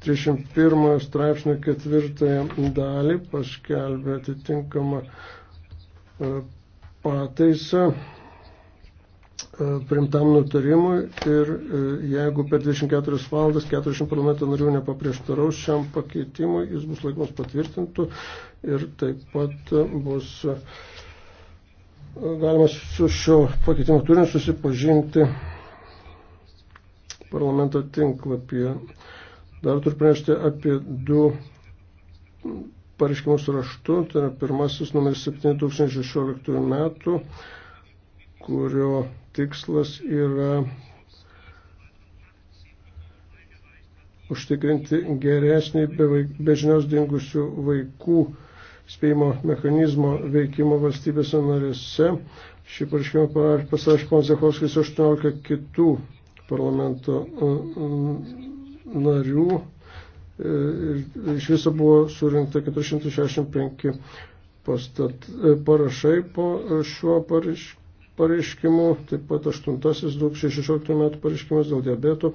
31 tai straipsnio ketvirtąją dalį paskelbė atitinkamą e, pataisą e, primtam nutarimui ir e, jeigu per 24 valandas 40 parlamento narių nepaprieštaraus šiam pakeitimui, jis bus laikomas patvirtintų ir taip pat bus galima su šio pakeitimo turiniu susipažinti parlamento tinklapyje. Dar turiu pranešti apie du pareiškimus raštu. Tai yra pirmasis numeris 7016 metų, kurio tikslas yra užtikrinti geresnį be žinios dingusių vaikų spėjimo mechanizmo veikimo valstybėse narėse. Šį pareiškimą pasirašė Ponzehovskis 18 kitų parlamento narių. E, iš viso buvo surinkta 465 pastat, e, parašai po šiuo pareiškimu, taip pat 8-216 metų pareiškimas dėl diabeto